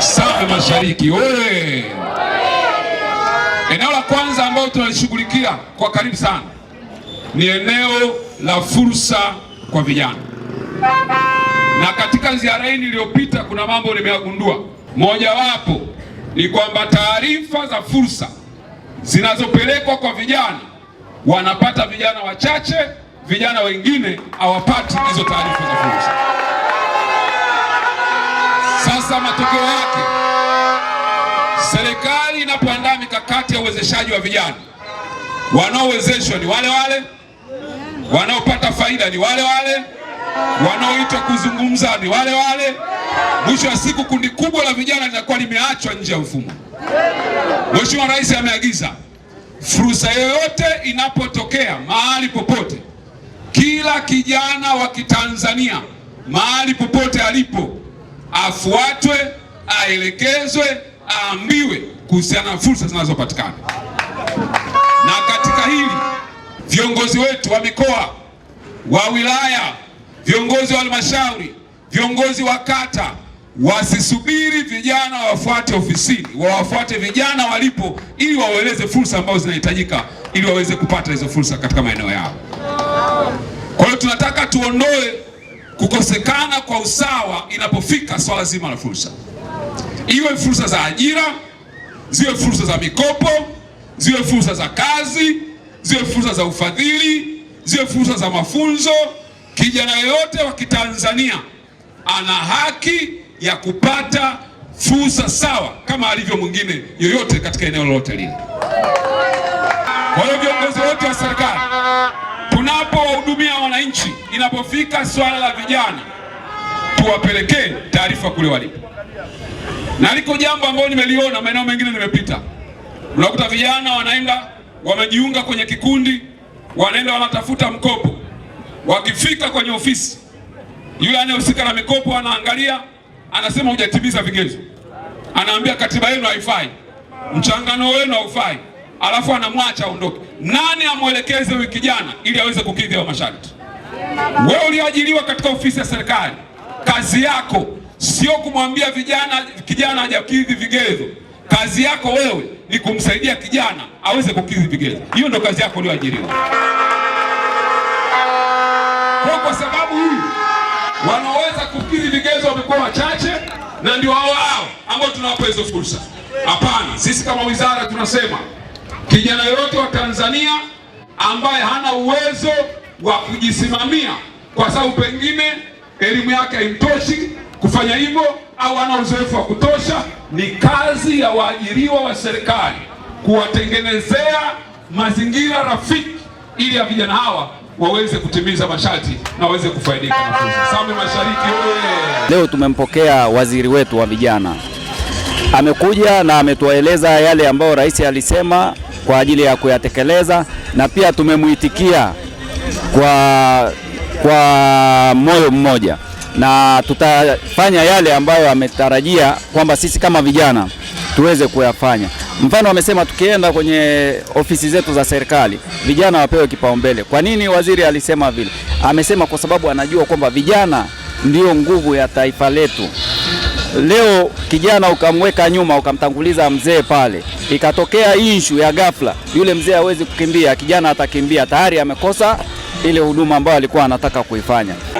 Same Mashariki oye! Eneo la kwanza ambayo tunalishughulikia kwa karibu sana ni eneo la fursa kwa vijana. Na katika ziara hii niliyopita kuna mambo nimeyagundua. Mojawapo ni kwamba taarifa za fursa zinazopelekwa kwa vijana wanapata vijana wachache, vijana wengine hawapati hizo taarifa za fursa. Sasa matokeo yake, serikali inapoandaa mikakati ya uwezeshaji wa vijana, wanaowezeshwa ni wale wale, wanaopata faida ni wale wale wanaoita kuzungumza ni wale wale. Mwisho wa siku, kundi kubwa la vijana linakuwa limeachwa nje ya mfumo. Mheshimiwa Rais ameagiza fursa yoyote inapotokea mahali popote, kila kijana wa Kitanzania mahali popote alipo afuatwe, aelekezwe, aambiwe kuhusiana na fursa zinazopatikana. Na katika hili viongozi wetu wa mikoa, wa wilaya viongozi wa halmashauri, viongozi wa kata wasisubiri vijana wawafuate ofisini, wawafuate vijana walipo, ili waweleze fursa ambazo zinahitajika ili waweze kupata hizo fursa katika maeneo yao. Kwa hiyo tunataka tuondoe kukosekana kwa usawa inapofika swala zima la fursa, iwe fursa za ajira, ziwe fursa za mikopo, ziwe fursa za kazi, ziwe fursa za ufadhili, ziwe fursa za mafunzo Kijana yoyote wa Kitanzania ana haki ya kupata fursa sawa kama alivyo mwingine yoyote katika eneo lolote lile. Kwa hiyo viongozi wote wa serikali tunapowahudumia wananchi, inapofika swala la vijana, tuwapelekee taarifa kule walipo. Na liko jambo ambalo nimeliona maeneo mengine, nimepita, unakuta vijana wanaenda wamejiunga kwenye kikundi, wanaenda wanatafuta mkopo Wakifika kwenye ofisi, yule anayehusika na mikopo anaangalia, anasema hujatimiza vigezo, anaambia katiba yenu haifai, mchangano wenu haufai, alafu anamwacha aondoke. Nani amwelekeze huyu kijana ili aweze kukidhi hayo masharti? Wewe uliajiriwa katika ofisi ya serikali, kazi yako sio kumwambia vijana kijana hajakidhi vigezo. Kazi yako wewe ni kumsaidia kijana aweze kukidhi vigezo. Hiyo ndo kazi yako uliyoajiriwa kwa sababu hii wanaweza kukiri vigezo wamekuwa wachache, na ndio hao hao ambao tunawapa hizo fursa. Hapana, sisi kama wizara tunasema kijana yoyote wa Tanzania ambaye hana uwezo wa kujisimamia kwa sababu pengine elimu yake haimtoshi kufanya hivyo au hana uzoefu wa kutosha, ni kazi ya waajiriwa wa serikali kuwatengenezea mazingira rafiki ili ya vijana hawa waweze kutimiza masharti na waweze kufaidika. Same Mashariki oye! Leo tumempokea waziri wetu wa vijana, amekuja na ametueleza yale ambayo rais alisema kwa ajili ya kuyatekeleza, na pia tumemwitikia kwa, kwa moyo mmoja na tutafanya yale ambayo ametarajia kwamba sisi kama vijana tuweze kuyafanya. Mfano wamesema tukienda kwenye ofisi zetu za serikali vijana wapewe kipaumbele. Kwa nini waziri alisema vile? Amesema kwa sababu anajua kwamba vijana ndiyo nguvu ya taifa letu. Leo kijana ukamweka nyuma ukamtanguliza mzee pale, ikatokea issue ya ghafla, yule mzee hawezi kukimbia, kijana atakimbia, tayari amekosa ile huduma ambayo alikuwa anataka kuifanya.